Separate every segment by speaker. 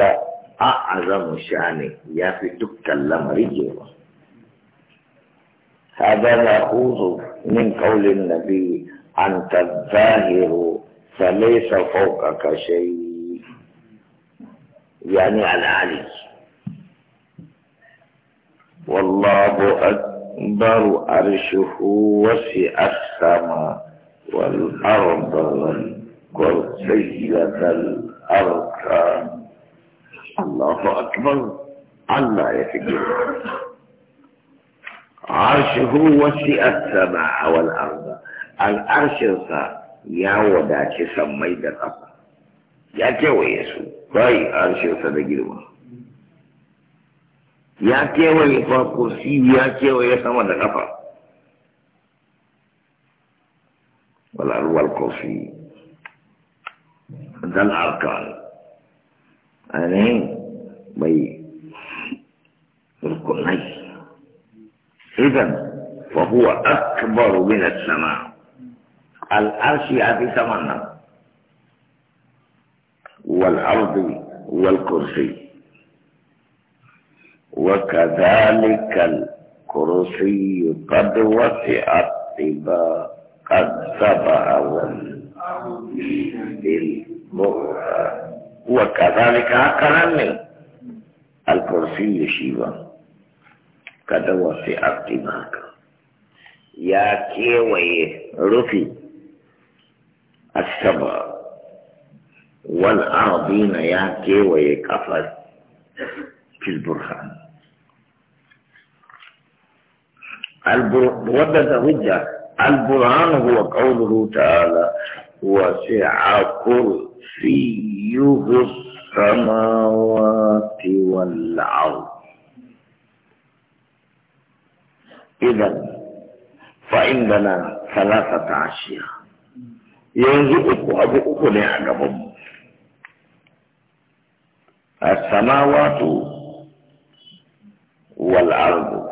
Speaker 1: هذا أعظم شأن يا في تكلم رجل هذا نأخذ من قول النبي أنت الظاهر فليس فوقك شيء يعني العلي والله أكبر عرشه وسع السماء والأرض والكرسية الأركان الله أكبر الله يفكر عرشه وسع السماء والأرض العرش يا وداك سمي دا قصر يا كيو يسو باي عرش سدقلوا يا كوي فاكرسي يا كوي سما دا قصر والأرض والكرسي ذا الأركان أني بي ركني إذا فهو أكبر من السماء العرش في ثمانة والأرض والكرسي وكذلك الكرسي قد وسع الطباء قد سبع بالبؤر وكذلك كلام الكرسي شيبا كدوا في اقتباك يا كيوي رفي السبع والعظيم يا كيوي كفر في البرهان وبدأ وجه البرهان هو قوله تعالى وسع كل كرسيه السماوات والأرض إذا فعندنا ثلاثة أشياء يرزقك أبوك أكل السماوات والأرض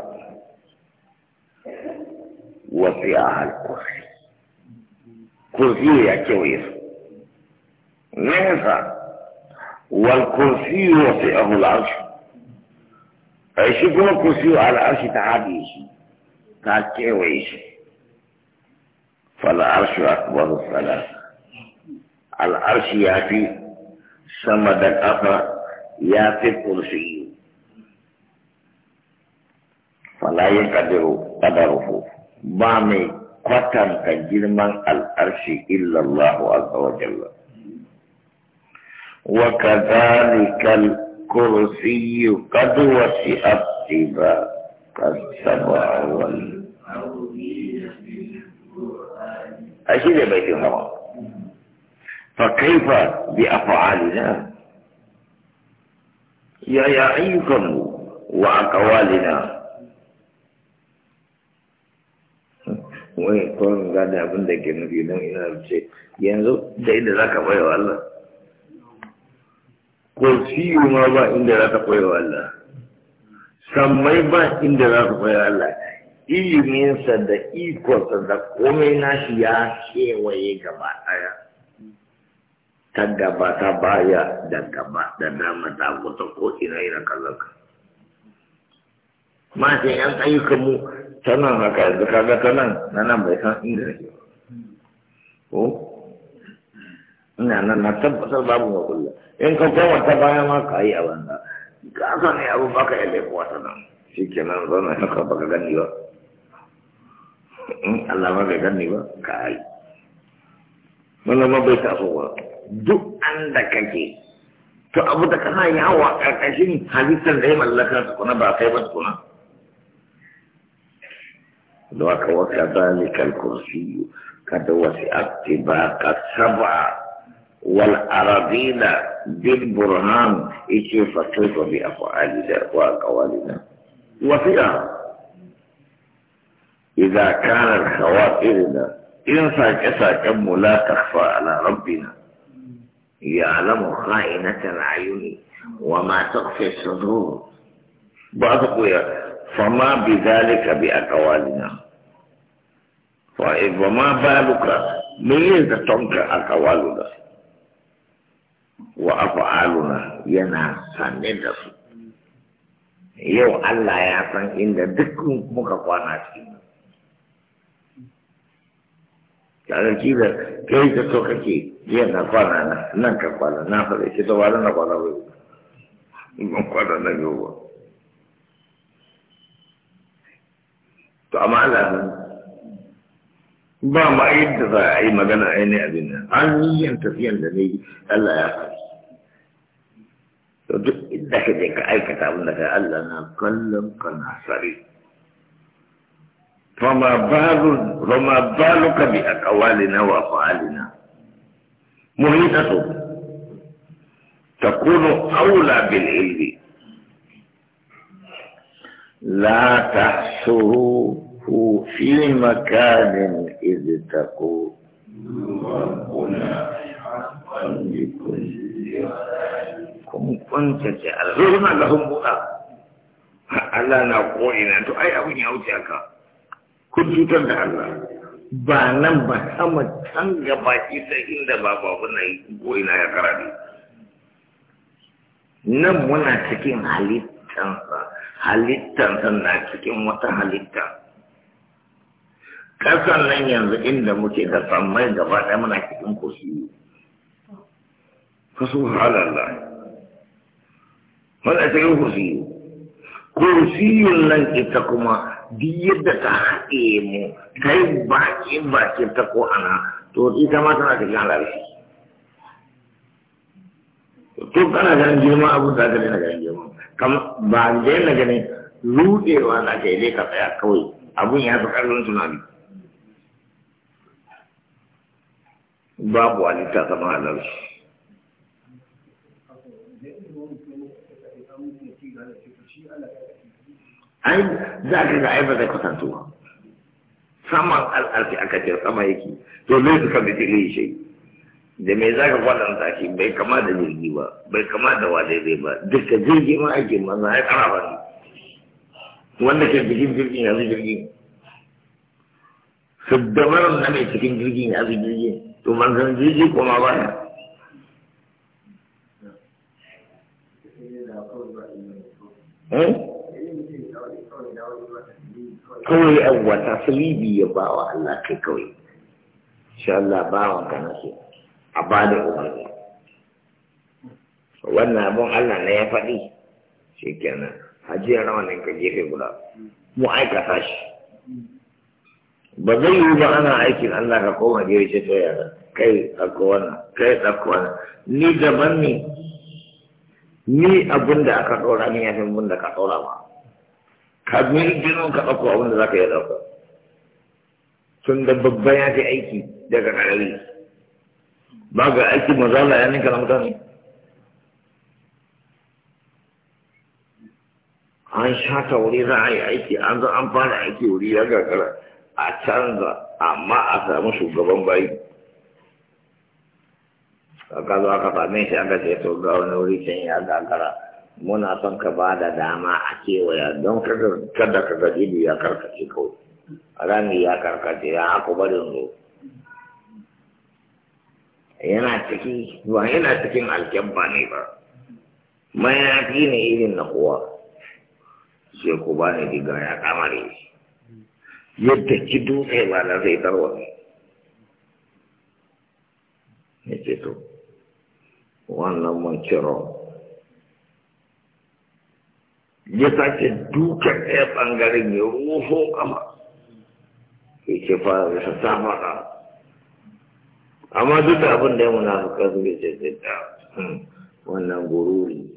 Speaker 1: وسعها الكرسي كرسي يا كويس ما ينفع والكرسي وطئه العرش عيشي يكون الكرسي على العرش تعالي يشي تعاد كي ويشي فالعرش أكبر الصلاة العرش يأتي سمد الأخرى يأتي الكرسي فلا يقدر قدره بامي قتم كجرما العرش إلا الله عز وجل وكذلك الكرسي قد وسع الطباء السبع وال أشياء بيت الحرام فكيف بأفعالنا يا يعيكم وأقوالنا wai kawai ga da abin da ke nufi don ina ce yanzu da inda za ka bai wa Allah kursi ma ba inda za ka koya Allah
Speaker 2: sammai ba
Speaker 1: inda za ka koya Allah iliminsa da ikonsa da komai nashi ya kewaye gaba ɗaya ta gaba ta baya da gaba da dama ta gusa ko ina ina kallon ka ma sai yan ayyukan mu ta haka yanzu kaga ta nan na nan bai san inda nake ba ina nan na tabbatar babu wa kullum in ka koma ta baya ma ka yi abin da ka san ne abu baka ya lefi wata nan shi ke nan zaune haka baka gani ba in Allah ma bai gani ba ka yi wannan ma bai taso ba duk an da kake to abu da kana yawo a ƙarƙashin halittar da ya mallaka tukuna ba kai ba tukuna da waka waka zalikal kursiyu kada wasu atiba ka saba والأراضينا بالبرهان يشوف كيف بأفعالنا وأقوالنا وفيها إذا كانت خواطرنا إنسى كسى كم لا تخفى على ربنا يعلم خائنة العيون وما تخفي الصدور بعض فما بذلك بأقوالنا فما بالك من يزدتنك أقوالنا wa af'aluna yana sanin da su yau Allah ya san inda duk muka kwana cikin kaga ki da kai ka so kake jiya na kwana na nan ka kwana na fara ki to wala na kwana wai mun kwana na yau to amma Allah ba ma yadda za a yi magana ainihin abin nan an yi yin tafiyan da ne Allah ya faɗi لكن ديك اي كتاب لك الا نتكلم فما بالك باقوالنا وافعالنا مهيته تكون اولى بالعلم لا تحصره في مكان اذ تقول ربنا في حق بكل ce a Allah suna ga sun buɗa Allah na ko'ina to ai abin ya wuce haka. kun cutar da Allah ba nan ba sama can gaba ita inda ba babu na ko'ina ya karabe nan muna cikin halittansa halittansa na cikin wata halitta kasan nan yanzu inda muke da samai gaba ɗaya muna cikin kursiyu fasu halallah wanda ta yi kursiyu kursiyun nan ita kuma duk yadda ta haɗe mu ta yi baki baki ta ko ana to ita ma tana cikin halarci to kana ganin girma abu ta gani na ganin girma kama ba daina ganin rudewa na ta ile ka tsaya kawai abun ya fi ƙarfin tunani babu halitta sama halarci ai za ka ga ai ba zai kusanto ba saman al'arfi aka ce sama yake to ne su ka bi tili shi da me za ka kwatanta shi bai kama da jirgi ba bai kama da wadai ba duka jirgi ma ake manzan ai kara ba wanda ke cikin jirgin yanzu jirgin su da na mai cikin jirgin yanzu jirgin to manzan jirgi kuma ba ya. Eh? kawai abuwa ta salibi ya ba wa Allah kai kawai insha Allah ba wa kana a ba da umarni wannan abun Allah ne ya faɗi shi kenan hajiyar rawanin ka gefe guda mu aikata shi ba zai yi ba ana aikin Allah ka koma gefe ce to yana kai ɗauko wannan kai ɗauko wannan ni daban ne ni abin da aka ɗora ni ya fi abin da ka ɗora ma ka bi ginin ka ɗauko abin da za ka yi ɗauka tun da babban ya fi aiki daga ƙarari ba ga aiki mazala ya ninka na mutane an shata wuri za a yi aiki an zo an fara aiki wuri ya gagara a canza amma a samu shugaban bayi ka zo aka same shi aka ce to ga wani wuri can ya gagara muna son ka ba da dama a kewaya don kada ka ga ido ya karkace kawai rami ya karkace ya ba barin zo yana ciki ba yana cikin alkyabba ne ba mayafi ne irin na kowa sai ku ba ni diga ya kamare yadda ki dutse ba na zai tarwa ne ce to wannan manciro ya sake duka ɗaya ɓangaren ya rufo kama ya ce fara da ta faɗa
Speaker 2: amma duk da abin da ya munafuka
Speaker 1: su ya ce ce ta. Hmm, wannan gururi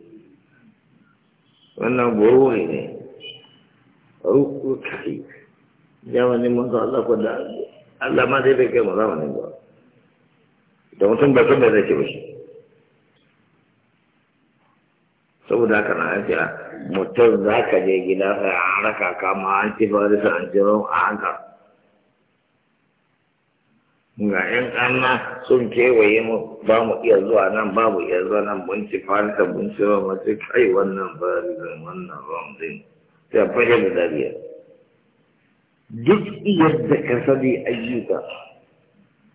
Speaker 1: wannan gururi ne rukukai zamanin manzo Allah ko da Allah ma zai bai kai mu zamanin ba da mutum ba sun da zai ce ba shi saboda haka na an a mutum za ka je gida sai an raka kama an ci farisa an ci a haka ga ‘yan ƙanna sun kewaye mu ba mu iya zuwa nan ba mu iya zuwa nan bunci farisa bunci ba mace kai wannan farisan wannan ramzin ta fashe da dariya duk yadda ka sani ayyuka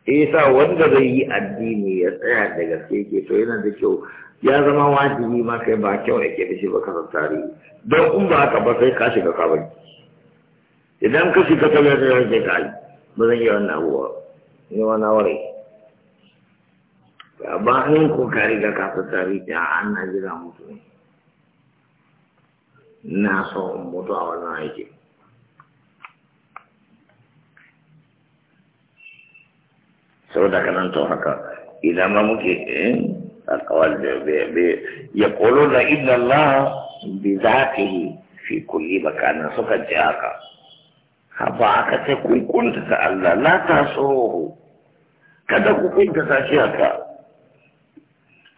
Speaker 1: isa wanda zai yi addini ya tsaya daga gaske ke to yana da kyau ya zama wajibi ma kai ba kyau yake da shi ba kasar tarihi don in ba haka ba sai ka shiga kabari idan ka shiga kabari sai wanke ka yi ba zan yi wannan abubuwa ni wannan wari ba in ko ka ga kasar tarihi Ya an na jira mutu ne na so in mutu a wannan aiki saboda kanan to haka idan ma muke eh القول يقولون إن الله بذاته في كل مكان سوف جاءك هبا أكتكو كنت تألا لا تأسروه كدك كنت تأشيكا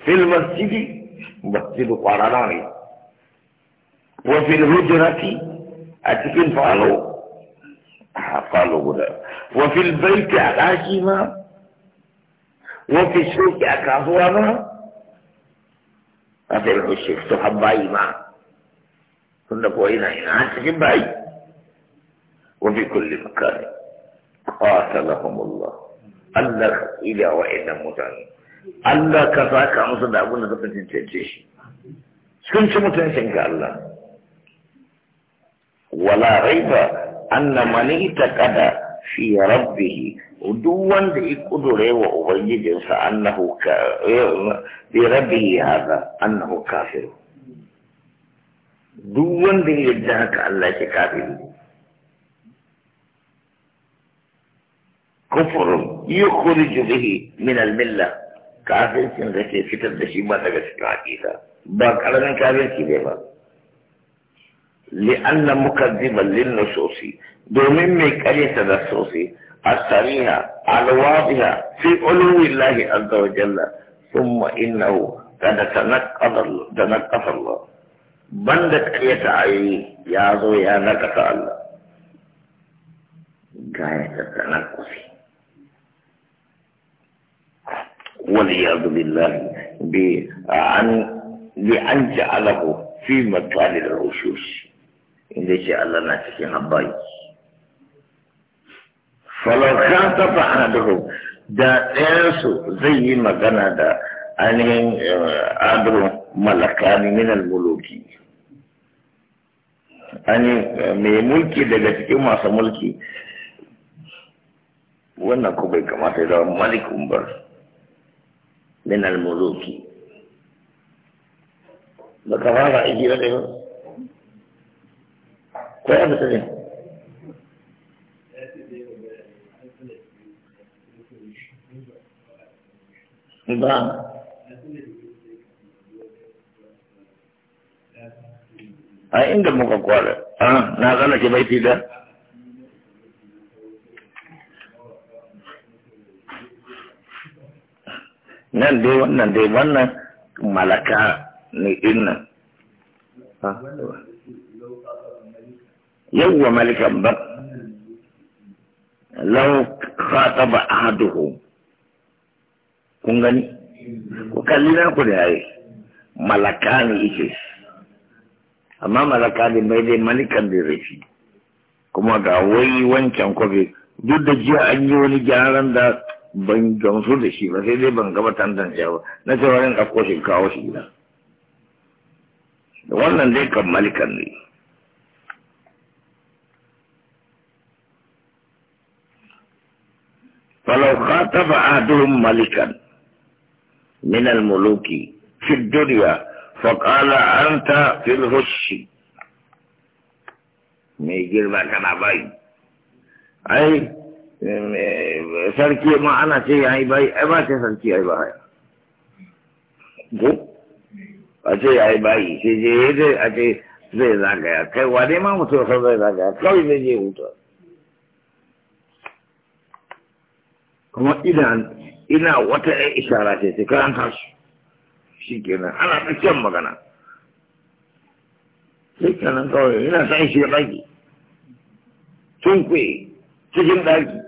Speaker 1: في المسجد مسجد قراناني وفي الهجرة أتكين فعلوا قالوا بدا وفي البيت أكاشيما وفي الشوك أكاظوانا قتل الشيخ صحاب باي ما كنا بوينا هنا انت باي وفي كل مكان قاتلهم الله الله الى وان متان الله كفاك مصدى ابونا دفن تنتجيش سكن شمو تنسنك الله ولا ريب ان من يتقدر في ربه ودوا دي قدره وأبنجد فأنه ك... هذا أنه كافر دوا دي يدعك الله كافر كفر يخرج به من الملة كافر سنغسي فتر دشيبات تغسي العقيدة باك على من كافر كيف لأن مكذبا للنصوص دومين من قرية النصوص الصريحة الواضحة في علو الله عز وجل ثم إنه قد تنقض تنقض الله بند قرية عيني يا ذو يا نقص الله غاية التنقص والعياذ بالله بأن لأن جعله في مطال الرشوش inda shi Allah na cikin habbai falaka ta fa'aduhu da ɗayansu zai yi magana da ainihin eh, adru malakani min al-muluki ani eh, mai mulki daga cikin masu mulki wannan ko bai kamata da zama malikun ba min al-muluki ba ka fara aiki da ba ko ne ba a inda muka kwara na zana ke baiti da nan dai wannan dai wannan malaka ne ina. Yau wa malikan ba lau khataba ahaduhum kun gani ku kalli na ku da yayi malakani yake amma malakani mai dai malikan da rafi kuma ga wai wancan kwafi duk da jiya an yi wani gyaran da ban gamsu da shi ba sai dai ban gaba shi ba na ce wurin ɗauko shi kawo shi gida wannan dai kan malikan ne فلو خاطب أحدهم ملكا من الملوك في الدنيا فقال أنت في الهش mai girma kana bayi sarki ma ana ce ya yi bayi ai ba ce sarki ai baya a ce ya yi bayi sai je ce a ce zai zagaya kai wa ma mutum sau zai zagaya kawai zai je hutu kuma ina ina wata ɗan ishara ce sai kayan tashi shi kenan ana tsakiyar magana sai kenan kawai ina san shi ɗaki tun kwe cikin ɗaki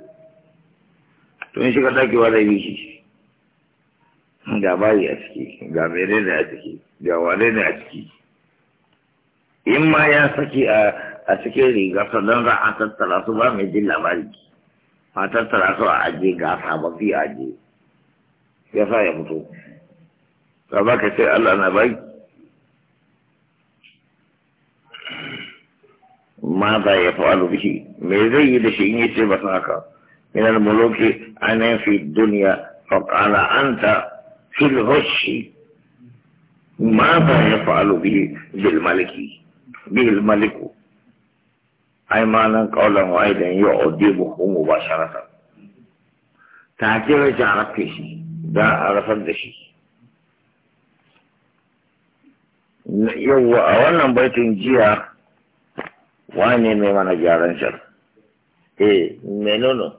Speaker 1: tun shiga ɗaki wa zai bi shi ga bayi a ciki ga mene ne a ciki ga wane ne a ciki in ma ya saki a cikin rigarsa don za a tattara su ba mai jin labari a tattara su a aje ga sababbi a aje ya sa ya fito ba ba ka ce Allah na bai ma za ya fa'alu bihi me zai yi da shi in yace ba haka min al-muluki ana fi dunya fa qala anta fi al-hushi ma za ya fa'alu bihi bil maliki bil maliku ai nan kaulan wahidan ko mu ba mubasharatan ta kira shi a shi za a rafar da shi Yau a wannan baitin jiya wane mai mana gyaran shar eh menono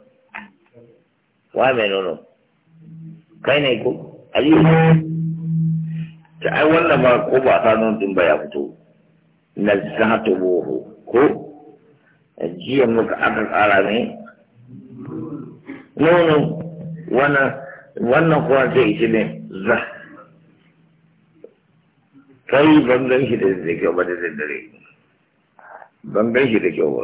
Speaker 1: wa menono kai ne ko ali ta ai wannan ba ko ba ta din ba ya fito nazzatuhu ko jiya muka aka tsara ne nono wannan wannan kuwa zai ita ne za Ta yi gan shi da kyau ba da daddare ban shi da kyau ba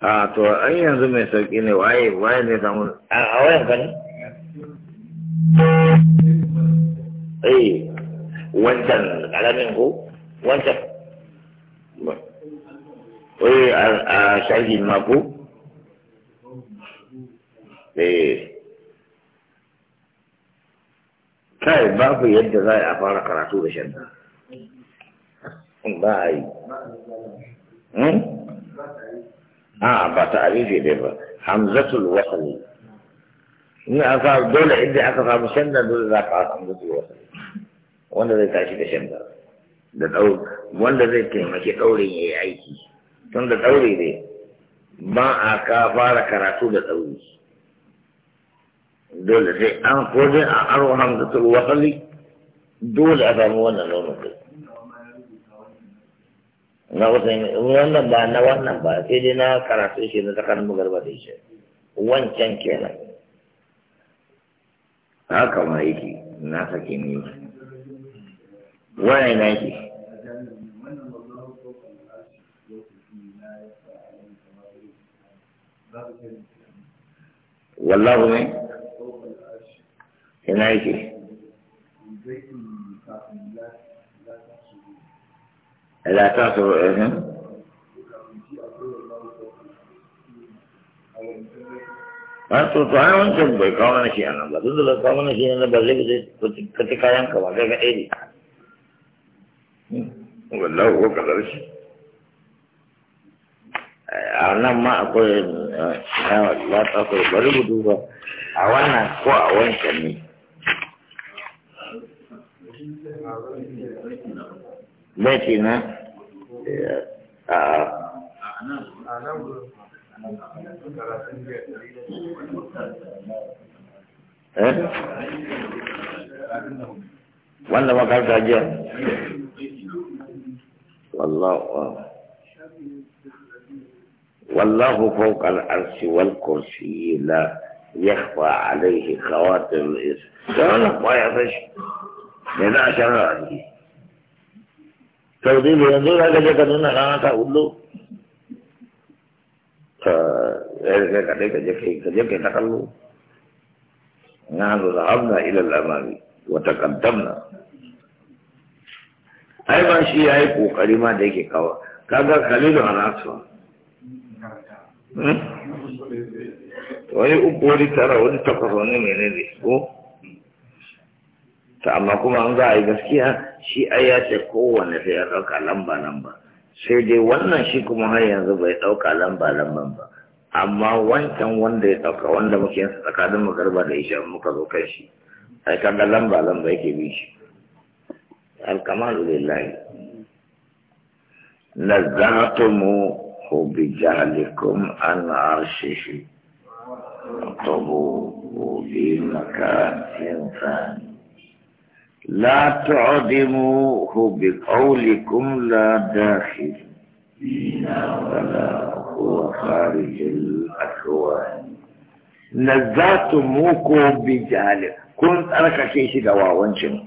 Speaker 1: a to an yanzu mai sauƙi ne waye waye ne samu a wayan ka ne eh wancan karamin ko wancan wai a sharhin mako eh kai babu yadda za a fara karatu da shan ba a yi hmm? a ba ta arifi dai ba hamzatul wasali Ni aka dole inda aka samu shan dole za ka hamzatul wasali wanda zai tashi da shan da ɗau wanda zai taimaki ɗaurin ya yi aiki tun da ɗaure ne ba a ka fara karatu da ɗauri dole sai an ko dai a aro hamdatul wasali dole a samu wannan launin kai na wannan ba na wannan ba sai dai na karatu shi na tsakanin magarba da shi wancan kenan haka ma yake na sake ne waye na shi wallahu ne ina yake la ta so eh Wani hmm? to ai wancan bai kawo mana shi nan? ba duk da kawo mana shi nan ba zai kace kayan ka ba ga ɗaya wallahu ko kadar a nan ma akwai ya ta akwai bari mu duba a wannan ko a wancan ne na? A eh? wanda ma gargajiya wallahu والله فوق العرش والكرسي لا يخفى عليه خواطر الإسم سألنا ما يعرفش لنا عشان عليه توضيب ينظر هذا جاك نونا لا تقول له فإذا كذلك جاك جاك نقل له نحن ذهبنا إلى الأمام وتقدمنا ai ba shi ya yi ƙoƙari ma da yake kawo kaga kalilu a nasuwa hmm? wani uku wani tara wani takwas wani mene ne ko ta amma kuma an za a yi gaskiya shi ai ya ce kowane sai ya ɗauka lamba lamba sai dai wannan shi kuma har yanzu bai ɗauka lamba lamba ba amma wancan wanda ya ɗauka wanda muke yin tsakanin magarba da isha muka zo kan shi ai kaga lamba lamba yake bi shi الكمال لله نزعتموه بجهلكم عن عرشه اطلبوه في مكان ثاني لا تعدموه بقولكم لا داخل ولا هو خارج الأكوان نزعتموكم بجهلكم كنت دواوين دواوانشنكم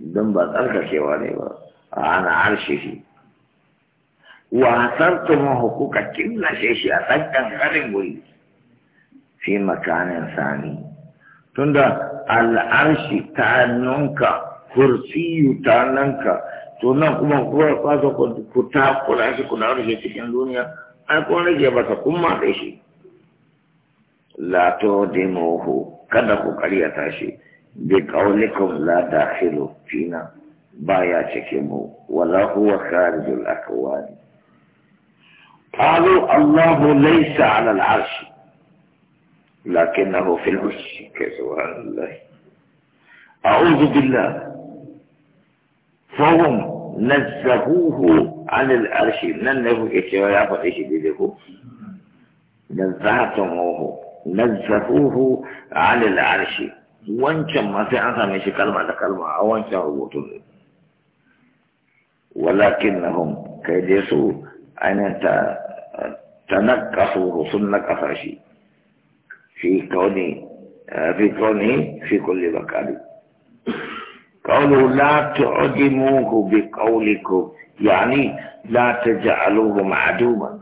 Speaker 1: don ba tsarkakewa ne ba ana harshe shi wasar tuma hukuka killace shi a ɗan ƙanƙanin wuri fi makanin sani tunda al'arshi ta nunka kursiyu ta nunka tunan kuma kuma kuwa kwasa ku ta kula shi kuna cikin duniya ai kuma rage ba ta kuma matse shi lato to kada ku karyata shi بقولكم لا داخل فينا بايا تكمو ولا هو خارج الأكوان قالوا الله ليس على العرش لكنه في العرش سبحان الله أعوذ بالله فهم نزهوه عن العرش ننه إتوايا فإيش بيده نزهتموه نزهوه عن العرش wancan ma sai an same shi kalma da kalma a wancan rubutun ne walakin na hun kai dai su ainihin ta ta rusun na nakasa shi fi kauni fi kauni fi kulli bakari قولوا لا تعدموه بقولكم يعني لا تجعلوه معدوما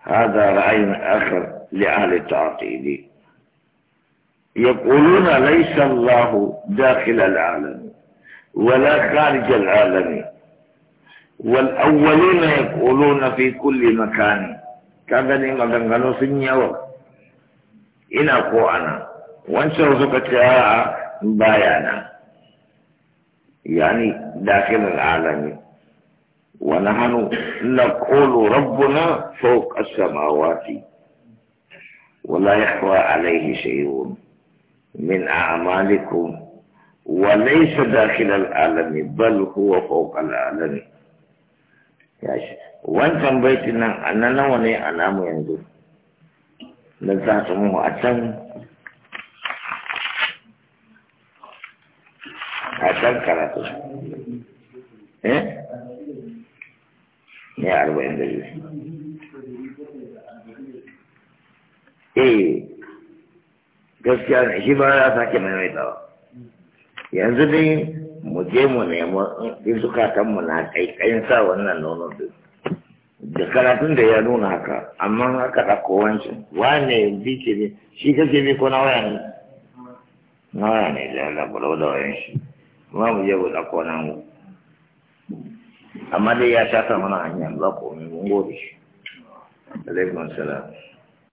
Speaker 1: هذا رأي آخر لأهل التعطيل يقولون ليس الله داخل العالم ولا خارج العالم والأولين يقولون في كل مكان كذا لما نعم قالوا في النيو إن أقوانا وانسوا سكتاء بايانا يعني داخل العالم ونحن نقول ربنا فوق السماوات ولا يحوى عليه شيء من أعمالكم وليس داخل العالم بل هو فوق العالم wancan baitin nan a nan nawa ne a namu yanzu da za mu a can karatu ne eh gaskiya ne shi ba ya sake maimaitawa yanzu dai mu je mu nemo in mụ na kaikayin sa wannan nono duk da karatun da ya nuna haka amma haka da kowancin wane bice ne shi kake bi ko na waya ne na waya ne da na da wayan shi kuma mu je mu ɗauko na amma dai ya sha ta mana hanyar ba mun shi alaikum